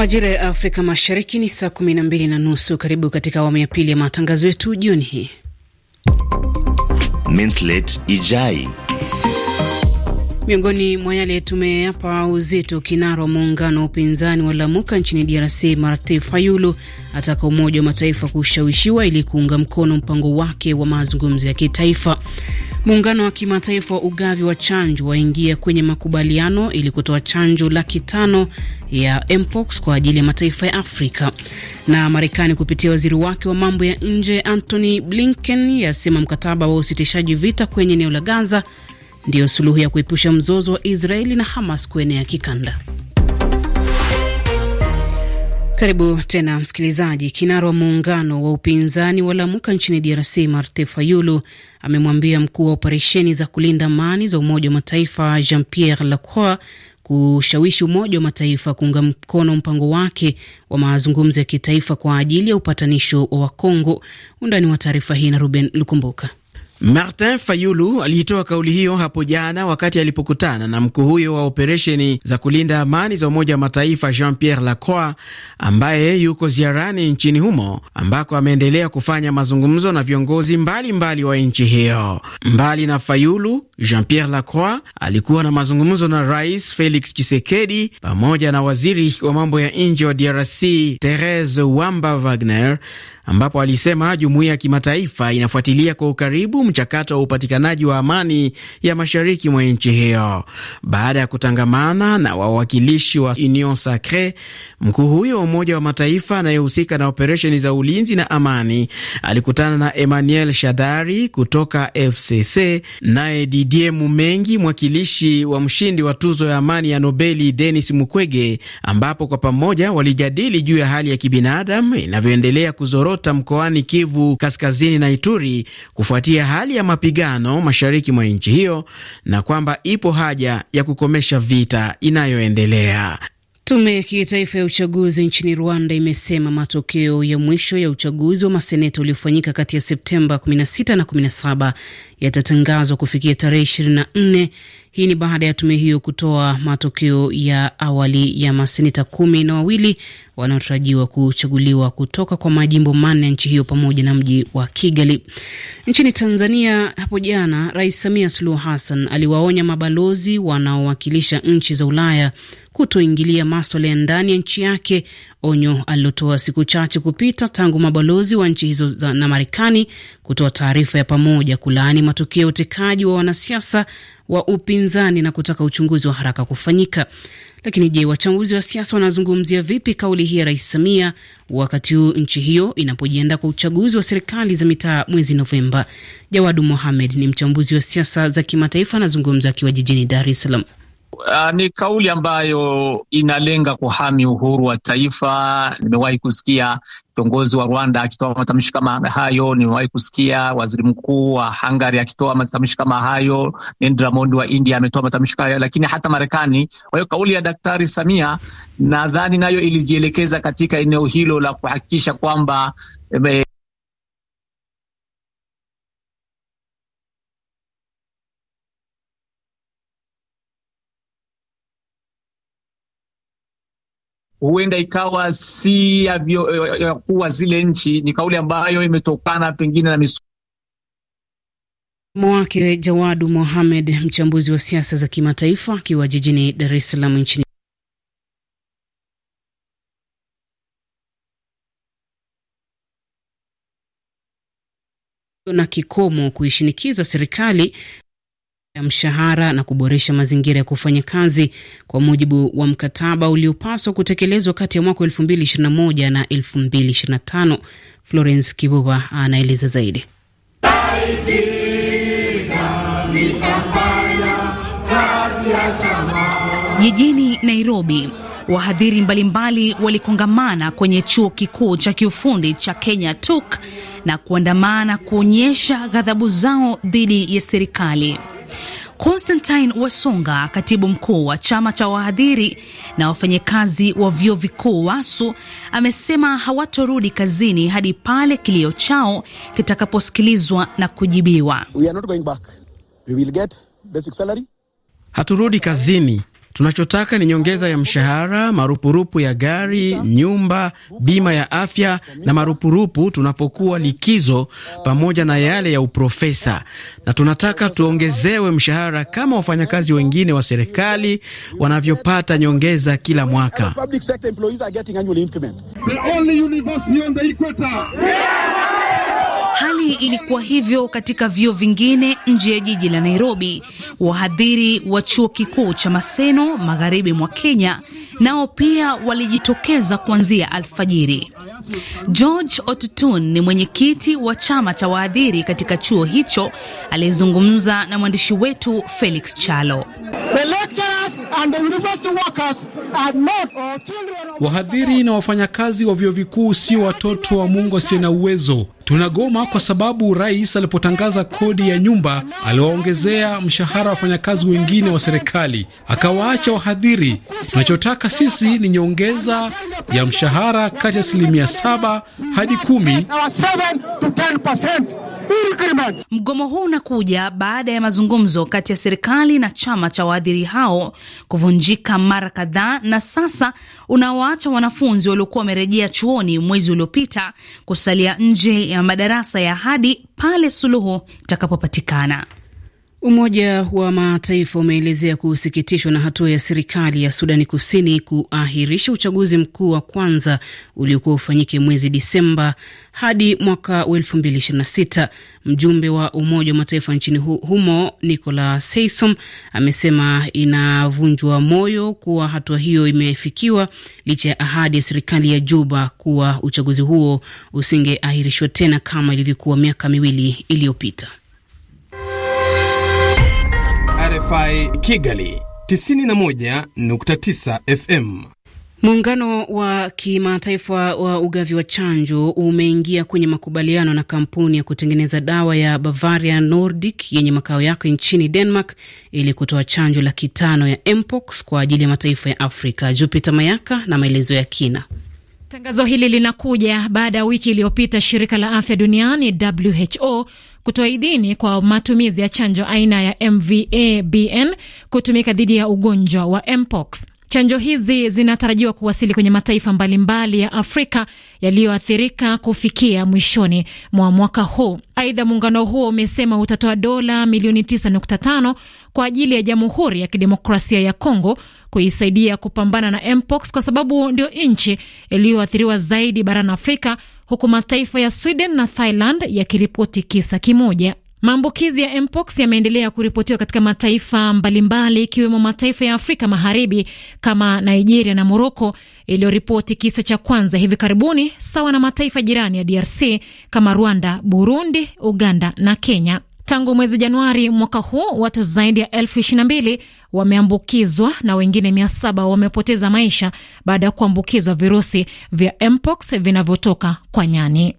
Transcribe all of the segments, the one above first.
Majira ya Afrika Mashariki ni saa kumi na mbili na nusu. Karibu katika awamu ya pili ya matangazo yetu jioni hii. Minslet Ijai miongoni mwa yale tumeyapa uzito, kinara wa muungano wa upinzani wa Lamuka nchini DRC Martin Fayulu ataka Umoja wa Mataifa kushawishiwa ili kuunga mkono mpango wake wa mazungumzo ya kitaifa. Muungano wa kimataifa wa ugavi wa chanjo waingia kwenye makubaliano ili kutoa chanjo laki tano ya mpox kwa ajili ya mataifa ya Afrika. Na Marekani kupitia waziri wake wa mambo ya nje Antony Blinken yasema mkataba wa usitishaji vita kwenye eneo la Gaza ndiyo suluhu ya kuepusha mzozo wa Israeli na Hamas kuenea kikanda. Karibu tena msikilizaji. Kinara wa muungano wa upinzani wa Lamuka nchini DRC, marte Fayulu amemwambia mkuu wa operesheni za kulinda amani za Umoja wa Mataifa Jean Pierre Lacroix kushawishi Umoja wa Mataifa kuunga mkono mpango wake wa mazungumzo ya kitaifa kwa ajili ya upatanisho wa Wakongo. Undani wa taarifa hii na Ruben Lukumbuka. Martin Fayulu aliitoa kauli hiyo hapo jana wakati alipokutana na mkuu huyo wa operesheni za kulinda amani za Umoja wa Mataifa Jean-Pierre Lacroix ambaye yuko ziarani nchini humo ambako ameendelea kufanya mazungumzo na viongozi mbalimbali mbali wa nchi hiyo. Mbali na Fayulu, Jean-Pierre Lacroix alikuwa na mazungumzo na Rais Felix Tshisekedi pamoja na waziri wa mambo ya nje wa DRC Therese Wamba Wagner ambapo alisema jumuiya ya kimataifa inafuatilia kwa ukaribu mchakato wa upatikanaji wa amani ya mashariki mwa nchi hiyo. Baada ya kutangamana na wawakilishi wa Union Sacre, mkuu huyo wa Umoja wa Mataifa anayehusika na operesheni za ulinzi na amani alikutana na Emmanuel Shadari kutoka FCC, naye Didier Mumengi, mwakilishi wa mshindi wa tuzo ya amani ya Nobeli Denis Mukwege, ambapo kwa pamoja walijadili juu ya hali ya kibinadamu inavyoendelea kuzorota kuzorota mkoani Kivu Kaskazini na Ituri kufuatia hali ya mapigano mashariki mwa nchi hiyo na kwamba ipo haja ya kukomesha vita inayoendelea. Tume ya kitaifa ya uchaguzi nchini Rwanda imesema matokeo ya mwisho ya uchaguzi wa maseneta uliofanyika kati ya Septemba 16 na 17 yatatangazwa kufikia tarehe 24. Hii ni baada ya tume hiyo kutoa matokeo ya awali ya maseneta kumi na wawili wanaotarajiwa kuchaguliwa kutoka kwa majimbo manne ya nchi hiyo pamoja na mji wa Kigali. Nchini Tanzania hapo jana, Rais Samia Suluhu Hassan aliwaonya mabalozi wanaowakilisha nchi za Ulaya kutoingilia maswala ya ndani ya nchi yake, onyo alilotoa siku chache kupita tangu mabalozi wa nchi hizo na Marekani kutoa taarifa ya pamoja kulaani matokeo ya utekaji wa wanasiasa wa upinzani na kutaka uchunguzi wa haraka kufanyika. Lakini je, wachambuzi wa siasa wanazungumzia vipi kauli hii ya Rais Samia wakati huu nchi hiyo inapojiandaa kwa uchaguzi wa serikali za mitaa mwezi Novemba? Jawadu Mohamed ni mchambuzi wa siasa za kimataifa, anazungumza akiwa jijini Dar es Salaam uh, ni kauli ambayo inalenga kuhami uhuru wa taifa. Nimewahi kusikia kiongozi wa Rwanda akitoa matamshi kama hayo, nimewahi kusikia waziri mkuu wa Hungary akitoa matamshi kama hayo, Narendra Modi wa India ametoa matamshi hayo, lakini hata Marekani. Kwa hiyo kauli ya Daktari Samia nadhani nayo ilijielekeza katika eneo hilo la kuhakikisha kwamba eh, huenda ikawa si ya kuwa zile nchi. Ni kauli ambayo imetokana pengine na misu mwake Jawadu Mohamed, mchambuzi wa siasa za kimataifa akiwa jijini Dar es Salaam nchini na kikomo kuishinikiza serikali ya mshahara na kuboresha mazingira ya kufanya kazi kwa mujibu wa mkataba uliopaswa kutekelezwa kati ya mwaka 2021 na 2025. Florence Kibuba anaeleza zaidi. Jijini Nairobi, wahadhiri mbalimbali walikongamana kwenye chuo kikuu cha kiufundi cha Kenya TUK na kuandamana kuonyesha ghadhabu zao dhidi ya serikali. Constantine Wasonga, katibu mkuu wa chama cha wahadhiri na wafanyakazi wa vyuo vikuu WASU, amesema hawatorudi kazini hadi pale kilio chao kitakaposikilizwa na kujibiwa. We are not going back. We will get basic salary. Haturudi kazini Tunachotaka ni nyongeza ya mshahara, marupurupu ya gari, nyumba, bima ya afya na marupurupu tunapokuwa likizo, pamoja na yale ya uprofesa, na tunataka tuongezewe mshahara kama wafanyakazi wengine wa serikali wanavyopata nyongeza kila mwaka. The only Hali ilikuwa hivyo katika vyuo vingine nje ya jiji la Nairobi. Wahadhiri wa chuo kikuu cha Maseno magharibi mwa Kenya nao pia walijitokeza kuanzia alfajiri. George Otutun ni mwenyekiti wa chama cha wahadhiri katika chuo hicho, aliyezungumza na mwandishi wetu Felix Chalo. The lecturers Wahadhiri na wafanyakazi wa vyuo vikuu sio watoto wa Mungu asiye na uwezo. Tunagoma kwa sababu rais alipotangaza kodi ya nyumba aliwaongezea mshahara wa wafanyakazi wengine wa serikali, akawaacha wahadhiri. Tunachotaka sisi ni nyongeza ya mshahara kati ya asilimia saba hadi kumi. Mgomo huu unakuja baada ya mazungumzo kati ya serikali na chama cha waadhiri hao kuvunjika mara kadhaa, na sasa unawaacha wanafunzi waliokuwa wamerejea chuoni mwezi uliopita kusalia nje ya madarasa ya hadi pale suluhu itakapopatikana. Umoja wa Mataifa umeelezea kusikitishwa na hatua ya serikali ya Sudani Kusini kuahirisha uchaguzi mkuu wa kwanza uliokuwa ufanyike mwezi Disemba hadi mwaka 2026. Mjumbe wa Umoja wa Mataifa nchini humo Nicola Seisom amesema inavunjwa moyo kuwa hatua hiyo imefikiwa licha ya ahadi ya serikali ya Juba kuwa uchaguzi huo usingeahirishwa tena kama ilivyokuwa miaka miwili iliyopita. RFI Kigali 91.9 FM. Muungano wa kimataifa wa ugavi wa chanjo umeingia kwenye makubaliano na kampuni ya kutengeneza dawa ya Bavaria Nordic yenye makao yake nchini Denmark ili kutoa chanjo laki tano ya mpox kwa ajili ya mataifa ya Afrika. Jupiter Mayaka na maelezo ya kina. Tangazo hili linakuja baada ya wiki iliyopita shirika la afya duniani WHO kutoa idhini kwa matumizi ya chanjo aina ya MVABN kutumika dhidi ya ugonjwa wa mpox. Chanjo hizi zinatarajiwa kuwasili kwenye mataifa mbalimbali ya Afrika yaliyoathirika kufikia mwishoni mwa mwaka huu. Aidha, muungano huo umesema utatoa dola milioni 9.5 kwa ajili ya Jamhuri ya Kidemokrasia ya Kongo kuisaidia kupambana na mpox, kwa sababu ndio nchi iliyoathiriwa zaidi barani Afrika huku mataifa ya Sweden na Thailand yakiripoti kisa kimoja. Maambukizi ya mpox yameendelea kuripotiwa katika mataifa mbalimbali ikiwemo mataifa ya Afrika Magharibi kama Nigeria na Moroko iliyoripoti kisa cha kwanza hivi karibuni, sawa na mataifa jirani ya DRC kama Rwanda, Burundi, Uganda na Kenya. Tangu mwezi Januari mwaka huu watu zaidi ya elfu ishirini na mbili wameambukizwa na wengine mia saba wamepoteza maisha baada ya kuambukizwa virusi vya mpox vinavyotoka kwa nyani.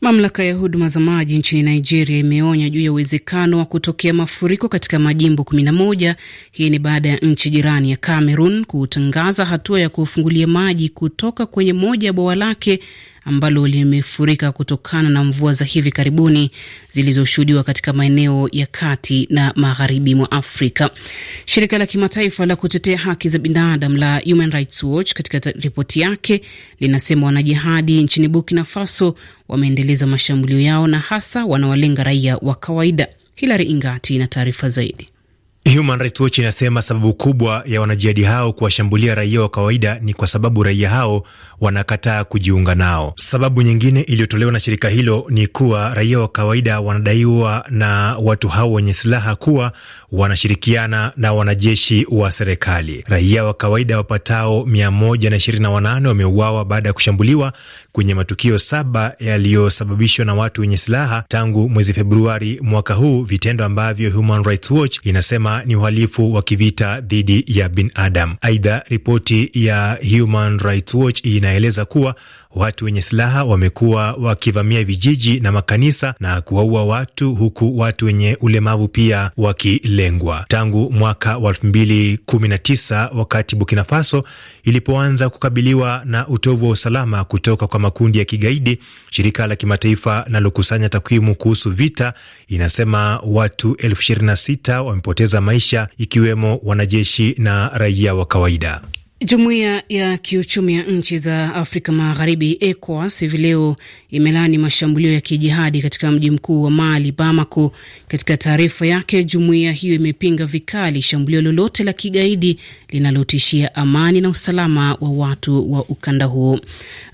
Mamlaka ya huduma za maji nchini Nigeria imeonya juu ya uwezekano wa kutokea mafuriko katika majimbo 11. Hii ni baada ya nchi jirani ya Cameroon kutangaza hatua ya kufungulia maji kutoka kwenye moja ya bwawa lake ambalo limefurika kutokana na mvua za hivi karibuni zilizoshuhudiwa katika maeneo ya kati na magharibi mwa Afrika. Shirika la kimataifa la kutetea haki za binadamu la Human Rights Watch katika ripoti yake linasema wanajihadi nchini Burkina Faso wameendeleza mashambulio yao na hasa wanawalenga raia wa kawaida. Hilary Ingati na taarifa zaidi. Human Rights Watch inasema sababu kubwa ya wanajihadi hao kuwashambulia raia wa kawaida ni kwa sababu raia hao wanakataa kujiunga nao. Sababu nyingine iliyotolewa na shirika hilo ni kuwa raia wa kawaida wanadaiwa na watu hao wenye silaha kuwa wanashirikiana na wanajeshi wa serikali. Raia wa kawaida wapatao 128 wameuawa baada ya kushambuliwa kwenye matukio saba yaliyosababishwa na watu wenye silaha tangu mwezi Februari mwaka huu, vitendo ambavyo Human Rights Watch inasema kama ni uhalifu wa kivita dhidi ya binadamu. Aidha, ripoti ya Human Rights Watch inaeleza kuwa watu wenye silaha wamekuwa wakivamia vijiji na makanisa na kuwaua watu, huku watu wenye ulemavu pia wakilengwa tangu mwaka wa tisa wakati Burkina Faso ilipoanza kukabiliwa na utovu wa usalama kutoka kwa makundi ya kigaidi. Shirika la kimataifa linalokusanya takwimu kuhusu vita inasema watu elfu sita wamepoteza maisha, ikiwemo wanajeshi na raia wa kawaida. Jumuiya ya kiuchumi ya nchi za Afrika Magharibi, ECOWAS, hivi leo imelaani mashambulio ya kijihadi katika mji mkuu wa Mali, Bamako. Katika taarifa yake, jumuiya hiyo imepinga vikali shambulio lolote la kigaidi linalotishia amani na usalama wa watu wa ukanda huo.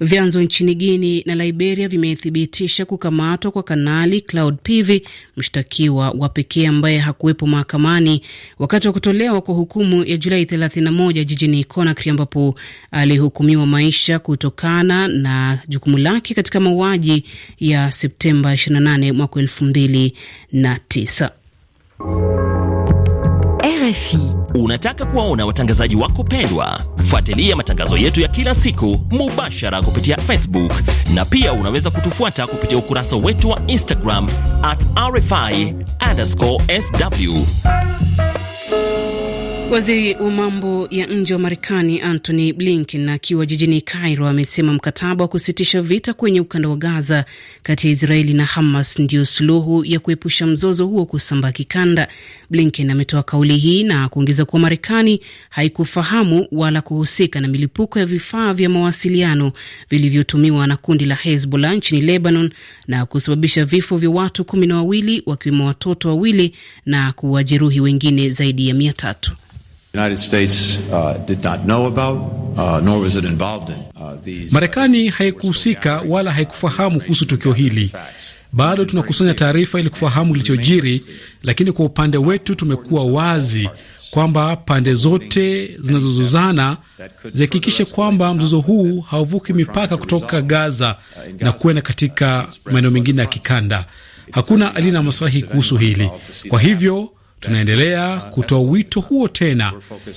Vyanzo nchini Guini na Liberia vimethibitisha kukamatwa kwa Kanali Claud Pivi, mshtakiwa wa pekee ambaye hakuwepo mahakamani wakati wa kutolewa kwa hukumu ya Julai 31 jijini Kona Conakry ambapo alihukumiwa maisha kutokana na jukumu lake katika mauaji ya Septemba 28 mwaka 2009. RFI. Unataka kuwaona watangazaji wako pendwa? Fuatilia matangazo yetu ya kila siku mubashara kupitia Facebook na pia unaweza kutufuata kupitia ukurasa wetu wa Instagram at sw Waziri wa mambo ya nje wa Marekani Antony Blinken akiwa jijini Cairo amesema mkataba wa kusitisha vita kwenye ukanda wa Gaza kati ya Israeli na Hamas ndio suluhu ya kuepusha mzozo huo kusambaa kikanda. Blinken ametoa kauli hii na kuongeza kuwa Marekani haikufahamu wala kuhusika na milipuko ya vifaa vya mawasiliano vilivyotumiwa na kundi la Hezbollah nchini Lebanon na kusababisha vifo vya watu kumi na wawili wakiwemo watoto wawili na kuwajeruhi wengine zaidi ya mia tatu. Marekani haikuhusika wala haikufahamu kuhusu tukio hili. Bado tunakusanya taarifa ili kufahamu kilichojiri, lakini kwa upande wetu tumekuwa wazi kwamba pande zote zinazozozana zihakikishe kwamba mzozo huu hauvuki mipaka kutoka Gaza uh, na kuenda katika maeneo mengine ya kikanda. Hakuna aliye na maslahi kuhusu hili, kwa hivyo Tunaendelea kutoa wito huo tena.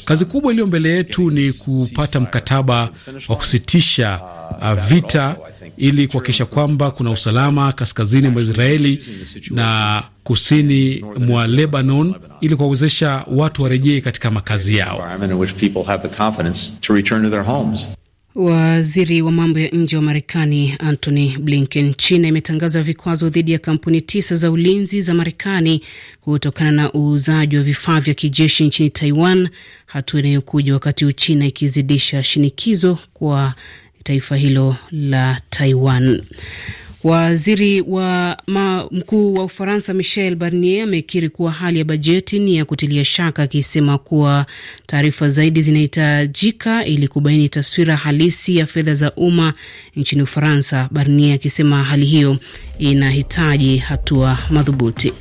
Kazi kubwa iliyo mbele yetu ni kupata mkataba wa kusitisha uh, vita ili kuhakikisha kwamba kuna usalama kaskazini mwa Israeli na kusini mwa Lebanon ili kuwawezesha watu warejee katika makazi yao. Waziri wa mambo ya nje wa Marekani Antony Blinken. China imetangaza vikwazo dhidi ya kampuni tisa za ulinzi za Marekani kutokana na uuzaji wa vifaa vya kijeshi nchini Taiwan, hatua inayokuja wakati Uchina ikizidisha shinikizo kwa taifa hilo la Taiwan. Waziri wa mkuu wa Ufaransa Michel Barnier amekiri kuwa hali ya bajeti ni ya kutilia shaka, akisema kuwa taarifa zaidi zinahitajika ili kubaini taswira halisi ya fedha za umma nchini Ufaransa. Barnier akisema hali hiyo inahitaji hatua madhubuti.